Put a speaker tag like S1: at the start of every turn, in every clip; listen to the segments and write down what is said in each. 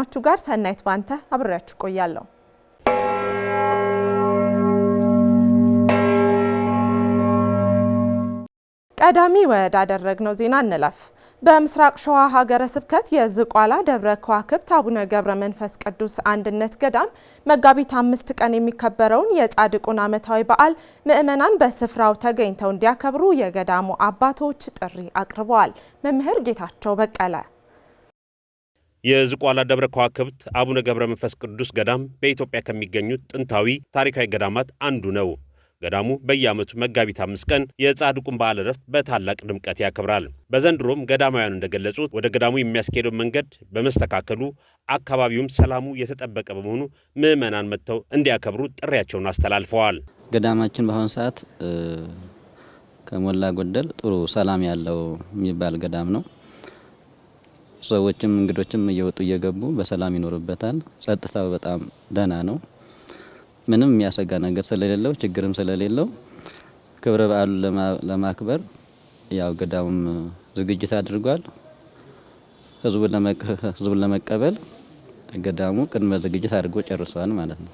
S1: ከዜናዎቹ ጋር ሰናይት ባንተ አብሬያችሁ ቆያለሁ። ቀዳሚ ወዳደረግነው ዜና እንለፍ። በምስራቅ ሸዋ ሀገረ ስብከት የዝቋላ ደብረ ከዋክብት አቡነ ገብረ መንፈስ ቅዱስ አንድነት ገዳም መጋቢት አምስት ቀን የሚከበረውን የጻድቁን ዓመታዊ በዓል ምዕመናን በስፍራው ተገኝተው እንዲያከብሩ የገዳሙ አባቶች ጥሪ አቅርበዋል። መምህር ጌታቸው በቀለ
S2: የዝቋላ ደብረ ከዋክብት አቡነ ገብረ መንፈስ ቅዱስ ገዳም በኢትዮጵያ ከሚገኙት ጥንታዊ ታሪካዊ ገዳማት አንዱ ነው። ገዳሙ በየዓመቱ መጋቢት አምስት ቀን የጻድቁን በዓል ዕረፍት በታላቅ ድምቀት ያከብራል። በዘንድሮም ገዳማውያኑ እንደገለጹት ወደ ገዳሙ የሚያስኬደው መንገድ በመስተካከሉ አካባቢውም ሰላሙ የተጠበቀ በመሆኑ ምዕመናን መጥተው እንዲያከብሩ ጥሪያቸውን አስተላልፈዋል።
S3: ገዳማችን በአሁኑ ሰዓት ከሞላ ጎደል ጥሩ ሰላም ያለው የሚባል ገዳም ነው። ሰዎችም እንግዶችም እየወጡ እየገቡ በሰላም ይኖሩበታል። ጸጥታው በጣም ደህና ነው። ምንም የሚያሰጋ ነገር ስለሌለው ችግርም ስለሌለው ክብረ በዓሉን ለማክበር ያው ገዳሙም ዝግጅት አድርጓል። ህዝቡን ለመቀበል ገዳሙ ቅድመ ዝግጅት አድርጎ ጨርሷል ማለት ነው።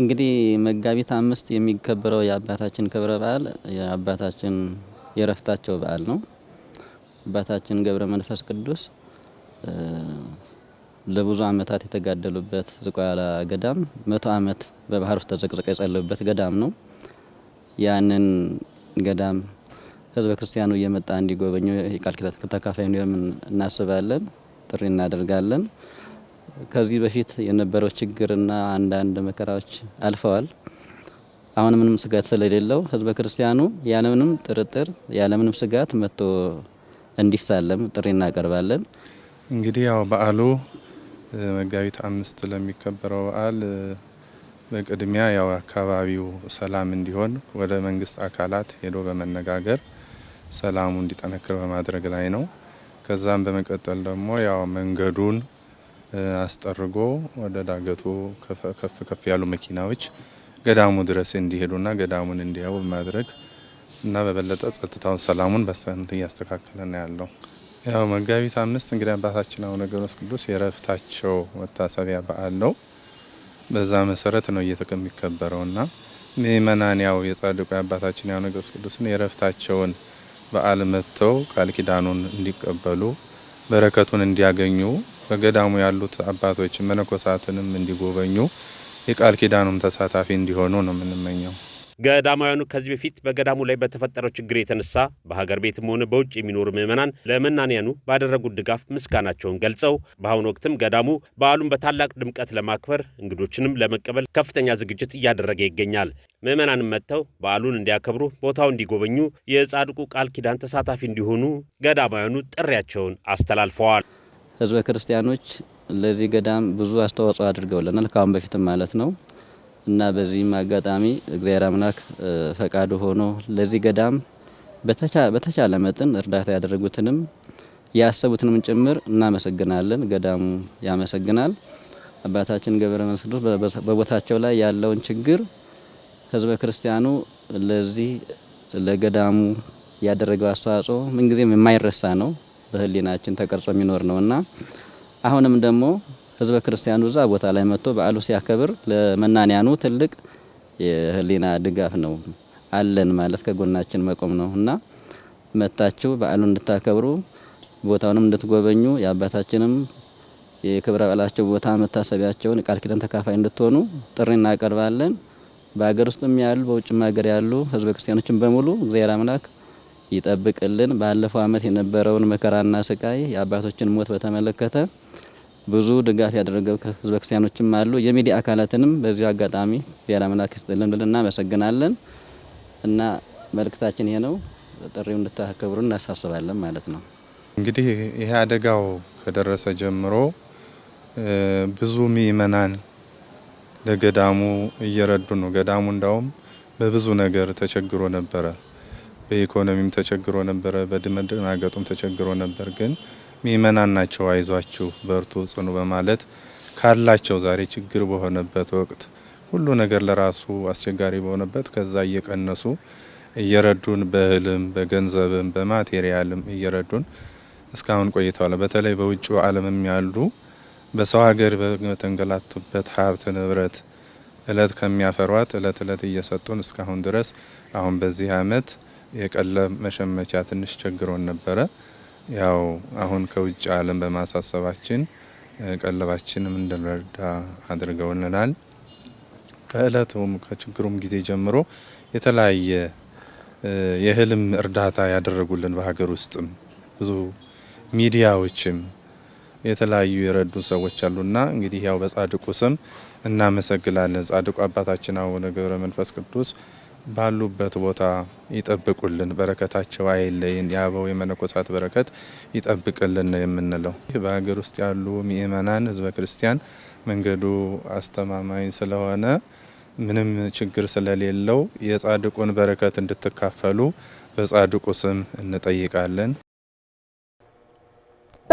S3: እንግዲህ መጋቢት አምስት የሚከበረው የአባታችን ክብረ በዓል የአባታችን የእረፍታቸው በዓል ነው። አባታችን ገብረ መንፈስ ቅዱስ ለብዙ ዓመታት የተጋደሉበት ዝቋላ ገዳም መቶ ዓመት በባህር ውስጥ ተዘቅዘቀ የጸለዩበት ገዳም ነው። ያንን ገዳም ህዝበ ክርስቲያኑ እየመጣ እንዲጎበኙ የቃል ኪዳን ተካፋይ እንዲሆን እናስባለን፣ ጥሪ እናደርጋለን። ከዚህ በፊት የነበረው ችግርና አንዳንድ መከራዎች አልፈዋል። አሁን ምንም ስጋት ስለሌለው ህዝበ ክርስቲያኑ ያለምንም ጥርጥር ያለምንም ስጋት መጥቶ እንዲሳለም ጥሪ እናቀርባለን።
S4: እንግዲህ ያው በዓሉ መጋቢት አምስት ለሚከበረው በዓል በቅድሚያ ያው አካባቢው ሰላም እንዲሆን ወደ መንግስት አካላት ሄዶ በመነጋገር ሰላሙ እንዲጠነክር በማድረግ ላይ ነው። ከዛም በመቀጠል ደግሞ ያው መንገዱን አስጠርጎ ወደ ዳገቱ ከፍ ከፍ ያሉ መኪናዎች ገዳሙ ድረስ እንዲሄዱና ገዳሙን እንዲያው በማድረግ እና በበለጠ ጸጥታውን፣ ሰላሙን በስተንት እያስተካከለ ነው ያለው። ያው መጋቢት አምስት እንግዲህ አባታችን አቡነ ገብረመንፈስ ቅዱስ የረፍታቸው መታሰቢያ በዓል ነው። በዛ መሰረት ነው እየተቀም የሚከበረውና ምእመናን ያው የጻድቁ አባታችን አቡነ ገብረመንፈስ ቅዱስን የረፍታቸውን በዓል መጥተው ቃል ኪዳኑን እንዲቀበሉ በረከቱን እንዲያገኙ በገዳሙ ያሉት አባቶች መነኮሳትንም እንዲጎበኙ የቃል ኪዳኑም ተሳታፊ እንዲሆኑ ነው የምንመኘው።
S2: ገዳማውያኑ ከዚህ በፊት በገዳሙ ላይ በተፈጠረው ችግር የተነሳ በሀገር ቤትም ሆነ በውጭ የሚኖሩ ምዕመናን ለመናንያኑ ባደረጉት ድጋፍ ምስጋናቸውን ገልጸው በአሁኑ ወቅትም ገዳሙ በዓሉን በታላቅ ድምቀት ለማክበር እንግዶችንም ለመቀበል ከፍተኛ ዝግጅት እያደረገ ይገኛል። ምዕመናንም መጥተው በዓሉን እንዲያከብሩ፣ ቦታው እንዲጎበኙ፣ የጻድቁ ቃል ኪዳን ተሳታፊ እንዲሆኑ ገዳማውያኑ ጥሪያቸውን አስተላልፈዋል።
S3: ህዝበ ክርስቲያኖች ለዚህ ገዳም ብዙ አስተዋጽኦ አድርገውልናል። ከአሁን በፊትም ማለት ነው እና በዚህም አጋጣሚ እግዚአብሔር አምላክ ፈቃዱ ሆኖ ለዚህ ገዳም በተቻለ መጠን እርዳታ ያደረጉትንም ያሰቡትንም ጭምር እናመሰግናለን። ገዳሙ ያመሰግናል። አባታችን ገብረ መንስሉስ በቦታቸው ላይ ያለውን ችግር ህዝበ ክርስቲያኑ ለዚህ ለገዳሙ ያደረገው አስተዋጽኦ ምንጊዜም የማይረሳ ነው፣ በህሊናችን ተቀርጾ የሚኖር ነውና አሁንም ደግሞ ህዝበ ክርስቲያኑ እዛ ቦታ ላይ መጥቶ በዓሉ ሲያከብር ለመናንያኑ ትልቅ የህሊና ድጋፍ ነው። አለን ማለት ከጎናችን መቆም ነው እና መታችሁ በዓሉን እንድታከብሩ ቦታውንም እንድትጎበኙ የአባታችንም የክብረ በዓላቸው ቦታ መታሰቢያቸውን ቃል ኪዳን ተካፋይ እንድትሆኑ ጥሪ እናቀርባለን። በሀገር ውስጥም ያሉ በውጭም ሀገር ያሉ ህዝበ ክርስቲያኖችን በሙሉ እግዚአብሔር አምላክ ይጠብቅልን። ባለፈው ዓመት የነበረውን መከራና ስቃይ የአባቶችን ሞት በተመለከተ ብዙ ድጋፍ ያደረገው ህዝበ ክርስቲያኖችም አሉ። የሚዲያ አካላትንም በዚሁ አጋጣሚ ዚያላ መላክ ይስጥልን ብለን እናመሰግናለን እና መልእክታችን ይሄ ነው። ጥሪው እንድታከብሩ እናሳስባለን ማለት ነው።
S4: እንግዲህ ይሄ አደጋው ከደረሰ ጀምሮ ብዙ ምእመናን ለገዳሙ እየረዱ ነው። ገዳሙ እንዳውም በብዙ ነገር ተቸግሮ ነበረ። በኢኮኖሚም ተቸግሮ ነበረ፣ በድመድናገጡም ተቸግሮ ነበር ግን ምእመናን ናቸው። አይዟችሁ በርቱ፣ ጽኑ በማለት ካላቸው ዛሬ ችግር በሆነበት ወቅት ሁሉ ነገር ለራሱ አስቸጋሪ በሆነበት ከዛ እየቀነሱ እየረዱን በእህልም በገንዘብም በማቴሪያልም እየረዱን እስካሁን ቆይተዋል። በተለይ በውጭ ዓለምም ያሉ በሰው ሀገር በተንገላቱበት ሀብት ንብረት እለት ከሚያፈሯት እለት እለት እየሰጡን እስካሁን ድረስ አሁን በዚህ አመት የቀለ መሸመቻ ትንሽ ቸግሮን ነበረ። ያው አሁን ከውጭ ዓለም በማሳሰባችን ቀለባችንም እንድንረዳ አድርገውልናል። ከእለቱም ከችግሩም ጊዜ ጀምሮ የተለያየ የህልም እርዳታ ያደረጉልን በሀገር ውስጥም ብዙ ሚዲያዎችም የተለያዩ የረዱ ሰዎች አሉና እንግዲህ ያው በጻድቁ ስም እናመሰግናለን። ጻድቁ አባታችን አቡነ ገብረ መንፈስ ቅዱስ ባሉበት ቦታ ይጠብቁልን፣ በረከታቸው አይለይን፣ የአበው የመነኮሳት በረከት ይጠብቅልን ነው የምንለው። በሀገር ውስጥ ያሉ ምእመናን ህዝበ ክርስቲያን መንገዱ አስተማማኝ ስለሆነ ምንም ችግር ስለሌለው የጻድቁን በረከት እንድትካፈሉ በጻድቁ ስም እንጠይቃለን።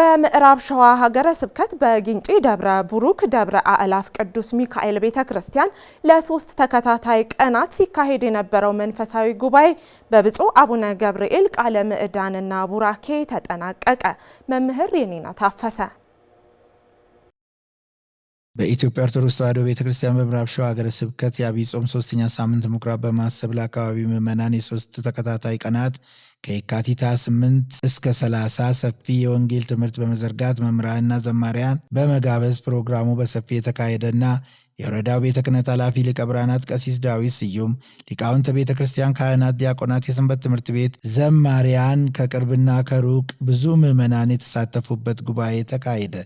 S1: በምዕራብ ሸዋ ሀገረ ስብከት በጊንጪ ደብረ ቡሩክ ደብረ አእላፍ ቅዱስ ሚካኤል ቤተ ክርስቲያን ለሶስት ተከታታይ ቀናት ሲካሄድ የነበረው መንፈሳዊ ጉባኤ በብፁዕ አቡነ ገብርኤል ቃለ ምዕዳንና ቡራኬ ተጠናቀቀ። መምህር የኔና ታፈሰ
S5: በኢትዮጵያ ኦርቶዶክስ ተዋሕዶ ቤተ ክርስቲያን በምዕራብ ሸዋ ሀገረ ስብከት የአብይ ጾም ሶስተኛ ሳምንት ምኩራብ በማሰብ ለአካባቢው ምዕመናን የሶስት ተከታታይ ቀናት ከየካቲት 8 እስከ 30 ሰፊ የወንጌል ትምህርት በመዘርጋት መምህራንና ዘማሪያን በመጋበዝ ፕሮግራሙ በሰፊ የተካሄደና የወረዳው ቤተ ክህነት ኃላፊ ሊቀ ብርሃናት ቀሲስ ዳዊት ስዩም፣ ሊቃውንተ ቤተ ክርስቲያን፣ ካህናት፣ ዲያቆናት፣ የሰንበት ትምህርት ቤት ዘማሪያን ከቅርብና ከሩቅ ብዙ ምዕመናን የተሳተፉበት ጉባኤ ተካሄደ።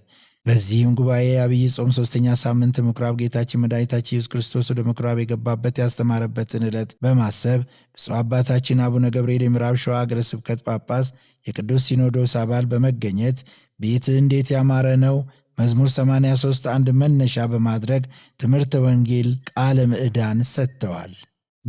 S5: በዚህም ጉባኤ አብይ ጾም ሶስተኛ ሳምንት ምኩራብ ጌታችን መድኃኒታችን ኢየሱስ ክርስቶስ ወደ ምኩራብ የገባበት ያስተማረበትን ዕለት በማሰብ ብፁዕ አባታችን አቡነ ገብርኤል የምዕራብ ሸዋ አገረ ስብከት ጳጳስ የቅዱስ ሲኖዶስ አባል በመገኘት ቤት እንዴት ያማረ ነው መዝሙር 83 አንድ መነሻ በማድረግ ትምህርተ ወንጌል ቃለ ምዕዳን ሰጥተዋል።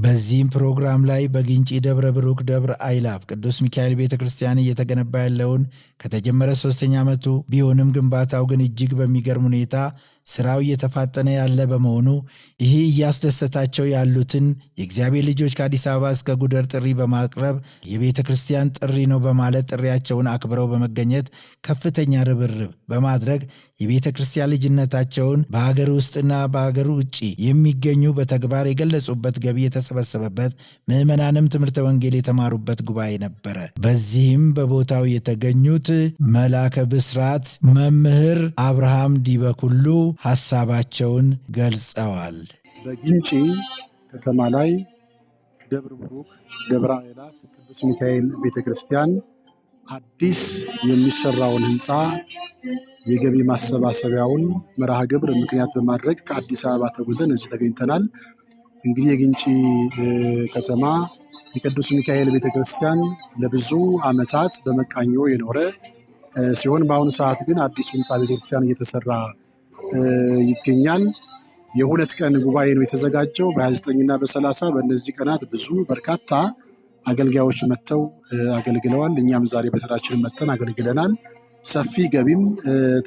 S5: በዚህም ፕሮግራም ላይ በግንጪ ደብረ ብሩክ ደብረ አይላፍ ቅዱስ ሚካኤል ቤተ ክርስቲያን እየተገነባ ያለውን ከተጀመረ ሶስተኛ ዓመቱ ቢሆንም ግንባታው ግን እጅግ በሚገርም ሁኔታ ሥራው እየተፋጠነ ያለ በመሆኑ ይህ እያስደሰታቸው ያሉትን የእግዚአብሔር ልጆች ከአዲስ አበባ እስከ ጉደር ጥሪ በማቅረብ የቤተ ክርስቲያን ጥሪ ነው በማለት ጥሪያቸውን አክብረው በመገኘት ከፍተኛ ርብርብ በማድረግ የቤተ ክርስቲያን ልጅነታቸውን በሀገር ውስጥና በሀገር ውጭ የሚገኙ በተግባር የገለጹበት ገቢ የተሰበሰበበት ምዕመናንም ትምህርተ ወንጌል የተማሩበት ጉባኤ ነበረ። በዚህም በቦታው የተገኙት መላከ ብስራት መምህር አብርሃም ዲበኩሉ ሐሳባቸውን ገልጸዋል።
S6: በግንጪ ከተማ ላይ ደብረ ብሩክ፣ ደብረ አእላፍ ቅዱስ ሚካኤል ቤተ ክርስቲያን አዲስ የሚሰራውን ህንፃ የገቢ ማሰባሰቢያውን መርሃ ግብር ምክንያት በማድረግ ከአዲስ አበባ ተጉዘን እዚህ ተገኝተናል። እንግዲህ የግንጪ ከተማ የቅዱስ ሚካኤል ቤተክርስቲያን ለብዙ ዓመታት በመቃኞ የኖረ ሲሆን በአሁኑ ሰዓት ግን አዲሱ ህንፃ ቤተክርስቲያን እየተሰራ ይገኛል። የሁለት ቀን ጉባኤ ነው የተዘጋጀው በ29ና በ30 በእነዚህ ቀናት ብዙ በርካታ አገልጋዮች መጥተው አገልግለዋል። እኛም ዛሬ በተራችን መጥተን አገልግለናል። ሰፊ ገቢም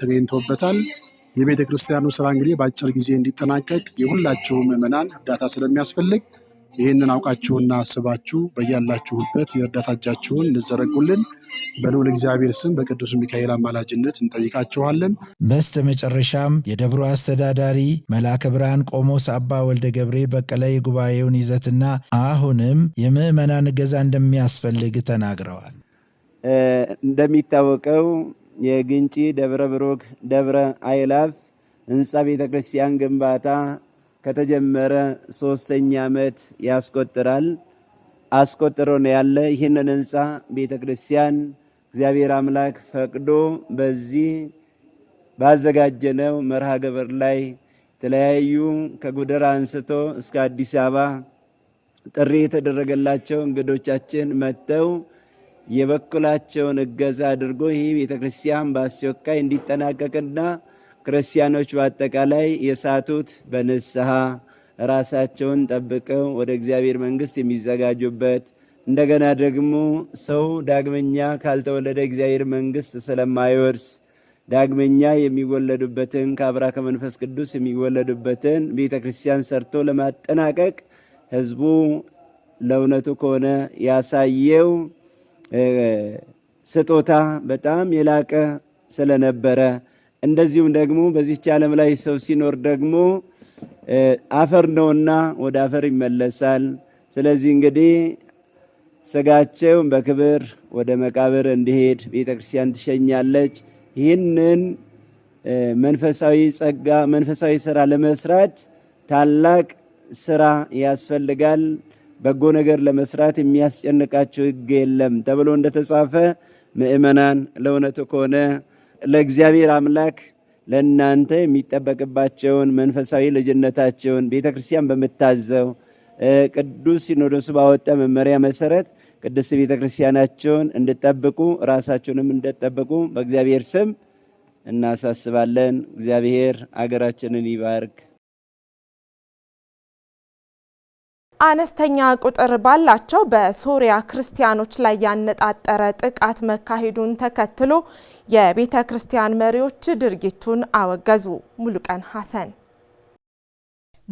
S6: ተገኝቶበታል። የቤተ ክርስቲያኑ ስራ እንግዲህ በአጭር ጊዜ እንዲጠናቀቅ የሁላችሁም ምዕመናን እርዳታ ስለሚያስፈልግ ይህንን አውቃችሁና አስባችሁ በያላችሁበት የእርዳታ እጃችሁን እንዘረጉልን። በልዑል እግዚአብሔር ስም በቅዱስ ሚካኤል አማላጅነት እንጠይቃችኋለን።
S5: በስተ መጨረሻም የደብሮ አስተዳዳሪ መልአከ ብርሃን ቆሞስ አባ ወልደ ገብሬ በቀለ የጉባኤውን ይዘትና አሁንም የምዕመናን እገዛ እንደሚያስፈልግ ተናግረዋል።
S7: እንደሚታወቀው የግንጪ ደብረ ብሩክ ደብረ አይላፍ ህንፃ ቤተ ክርስቲያን ግንባታ ከተጀመረ ሶስተኛ ዓመት ያስቆጥራል። አስቆጥሮ ነው ያለ። ይህንን ህንፃ ቤተ ክርስቲያን እግዚአብሔር አምላክ ፈቅዶ በዚህ ባዘጋጀነው መርሃ ግብር ላይ የተለያዩ ከጉደር አንስቶ እስከ አዲስ አበባ ጥሪ የተደረገላቸው እንግዶቻችን መጥተው የበኩላቸውን እገዛ አድርጎ ይህ ቤተ ክርስቲያን በአስቸኳይ እንዲጠናቀቅና ክርስቲያኖች በአጠቃላይ የሳቱት በንስሐ ራሳቸውን ጠብቀው ወደ እግዚአብሔር መንግስት የሚዘጋጁበት እንደገና ደግሞ ሰው ዳግመኛ ካልተወለደ እግዚአብሔር መንግስት ስለማይወርስ ዳግመኛ የሚወለዱበትን ከአብራ ከመንፈስ ቅዱስ የሚወለዱበትን ቤተ ክርስቲያን ሰርቶ ለማጠናቀቅ ህዝቡ ለእውነቱ ከሆነ ያሳየው ስጦታ በጣም የላቀ ስለነበረ እንደዚሁም ደግሞ በዚች ዓለም ላይ ሰው ሲኖር ደግሞ አፈር ነውና ወደ አፈር ይመለሳል። ስለዚህ እንግዲህ ስጋቸው በክብር ወደ መቃብር እንዲሄድ ቤተ ክርስቲያን ትሸኛለች። ይህንን መንፈሳዊ ጸጋ፣ መንፈሳዊ ስራ ለመስራት ታላቅ ስራ ያስፈልጋል። በጎ ነገር ለመስራት የሚያስጨንቃቸው ሕግ የለም ተብሎ እንደተጻፈ ምእመናን ለእውነቱ ከሆነ ለእግዚአብሔር አምላክ ለእናንተ የሚጠበቅባቸውን መንፈሳዊ ልጅነታቸውን ቤተ ክርስቲያን በምታዘው ቅዱስ ሲኖዶሱ ባወጣ መመሪያ መሰረት ቅድስት ቤተ ክርስቲያናቸውን እንድጠብቁ ራሳቸውንም እንድጠብቁ በእግዚአብሔር ስም እናሳስባለን። እግዚአብሔር አገራችንን ይባርክ።
S1: አነስተኛ ቁጥር ባላቸው በሶሪያ ክርስቲያኖች ላይ ያነጣጠረ ጥቃት መካሄዱን ተከትሎ የቤተ ክርስቲያን መሪዎች ድርጊቱን አወገዙ። ሙሉቀን ሐሰን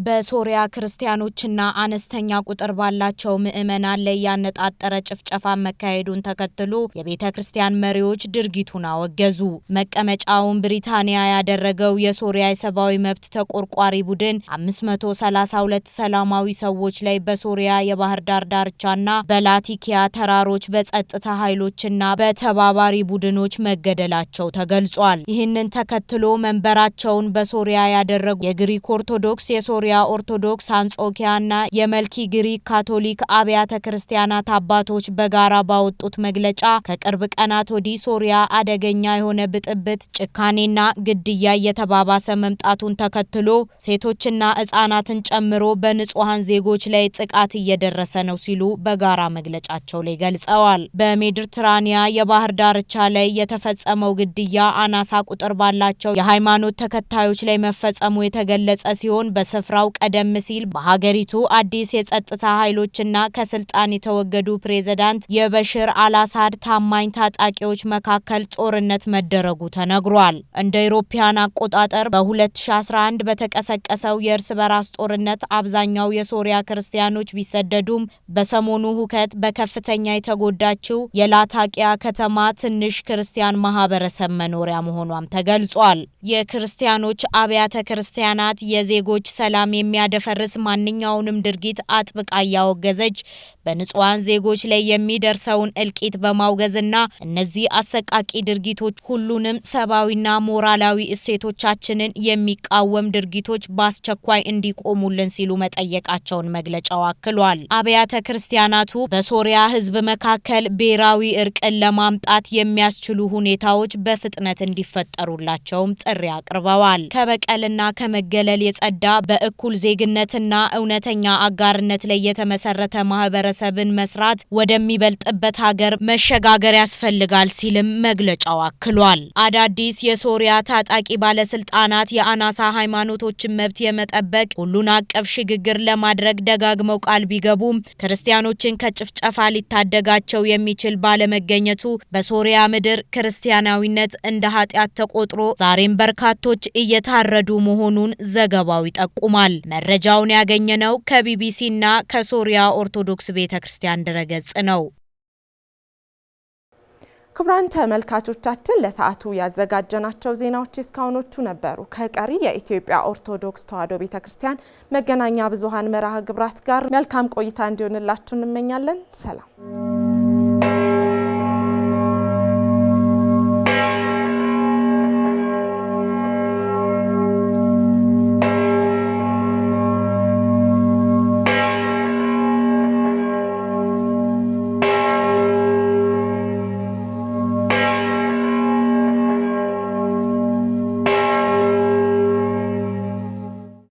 S8: በሶሪያ ክርስቲያኖችና አነስተኛ ቁጥር ባላቸው ምዕመናን ላይ ያነጣጠረ ጭፍጨፋ መካሄዱን ተከትሎ የቤተ ክርስቲያን መሪዎች ድርጊቱን አወገዙ። መቀመጫውን ብሪታንያ ያደረገው የሶሪያ የሰብአዊ መብት ተቆርቋሪ ቡድን 532 ሰላማዊ ሰዎች ላይ በሶሪያ የባህር ዳር ዳርቻና በላቲኪያ ተራሮች በጸጥታ ኃይሎችና በተባባሪ ቡድኖች መገደላቸው ተገልጿል። ይህንን ተከትሎ መንበራቸውን በሶሪያ ያደረጉ የግሪክ ኦርቶዶክስ የሶሪ የሶሪያ ኦርቶዶክስ አንጾኪያና የመልኪ ግሪክ ካቶሊክ አብያተ ክርስቲያናት አባቶች በጋራ ባወጡት መግለጫ ከቅርብ ቀናት ወዲህ ሶሪያ አደገኛ የሆነ ብጥብጥ፣ ጭካኔና ግድያ እየተባባሰ መምጣቱን ተከትሎ ሴቶችና ሕጻናትን ጨምሮ በንጹሐን ዜጎች ላይ ጥቃት እየደረሰ ነው ሲሉ በጋራ መግለጫቸው ላይ ገልጸዋል። በሜዲትራኒያ የባህር ዳርቻ ላይ የተፈጸመው ግድያ አናሳ ቁጥር ባላቸው የሃይማኖት ተከታዮች ላይ መፈጸሙ የተገለጸ ሲሆን በስፍራ ስፍራው ቀደም ሲል በሀገሪቱ አዲስ የጸጥታ ኃይሎችና ከስልጣን የተወገዱ ፕሬዝዳንት የበሽር አልአሳድ ታማኝ ታጣቂዎች መካከል ጦርነት መደረጉ ተነግሯል። እንደ ኢሮፓያን አቆጣጠር በ2011 በተቀሰቀሰው የእርስ በራስ ጦርነት አብዛኛው የሶሪያ ክርስቲያኖች ቢሰደዱም በሰሞኑ ሁከት በከፍተኛ የተጎዳችው የላታቂያ ከተማ ትንሽ ክርስቲያን ማህበረሰብ መኖሪያ መሆኗም ተገልጿል። የክርስቲያኖች አብያተ ክርስቲያናት የዜጎች ሰላም ሰላም የሚያደፈርስ ማንኛውንም ድርጊት አጥብቃ እያወገዘች በንጹሐን ዜጎች ላይ የሚደርሰውን እልቂት በማውገዝና እነዚህ አሰቃቂ ድርጊቶች ሁሉንም ሰብአዊና ሞራላዊ እሴቶቻችንን የሚቃወም ድርጊቶች በአስቸኳይ እንዲቆሙልን ሲሉ መጠየቃቸውን መግለጫው አክሏል። አብያተ ክርስቲያናቱ በሶሪያ ሕዝብ መካከል ብሔራዊ እርቅን ለማምጣት የሚያስችሉ ሁኔታዎች በፍጥነት እንዲፈጠሩላቸውም ጥሪ አቅርበዋል። ከበቀልና ከመገለል የጸዳ በ እኩል ዜግነትና እውነተኛ አጋርነት ላይ የተመሰረተ ማህበረሰብን መስራት ወደሚበልጥበት ሀገር መሸጋገር ያስፈልጋል ሲልም መግለጫው አክሏል። አዳዲስ የሶሪያ ታጣቂ ባለስልጣናት የአናሳ ሃይማኖቶችን መብት የመጠበቅ ሁሉን አቀፍ ሽግግር ለማድረግ ደጋግመው ቃል ቢገቡም ክርስቲያኖችን ከጭፍጨፋ ሊታደጋቸው የሚችል ባለመገኘቱ በሶሪያ ምድር ክርስቲያናዊነት እንደ ኃጢአት ተቆጥሮ ዛሬም በርካቶች እየታረዱ መሆኑን ዘገባው ይጠቁማል። ጠቁሟል። መረጃውን ያገኘነው ከቢቢሲና ከሶሪያ ኦርቶዶክስ ቤተ ክርስቲያን ድረገጽ ነው።
S1: ክቡራን ተመልካቾቻችን ለሰዓቱ ያዘጋጀናቸው ዜናዎች እስካሁኖቹ ነበሩ። ከቀሪ የኢትዮጵያ ኦርቶዶክስ ተዋሕዶ ቤተ ክርስቲያን መገናኛ ብዙኃን መርሃ ግብራት ጋር መልካም ቆይታ እንዲሆንላችሁ እንመኛለን። ሰላም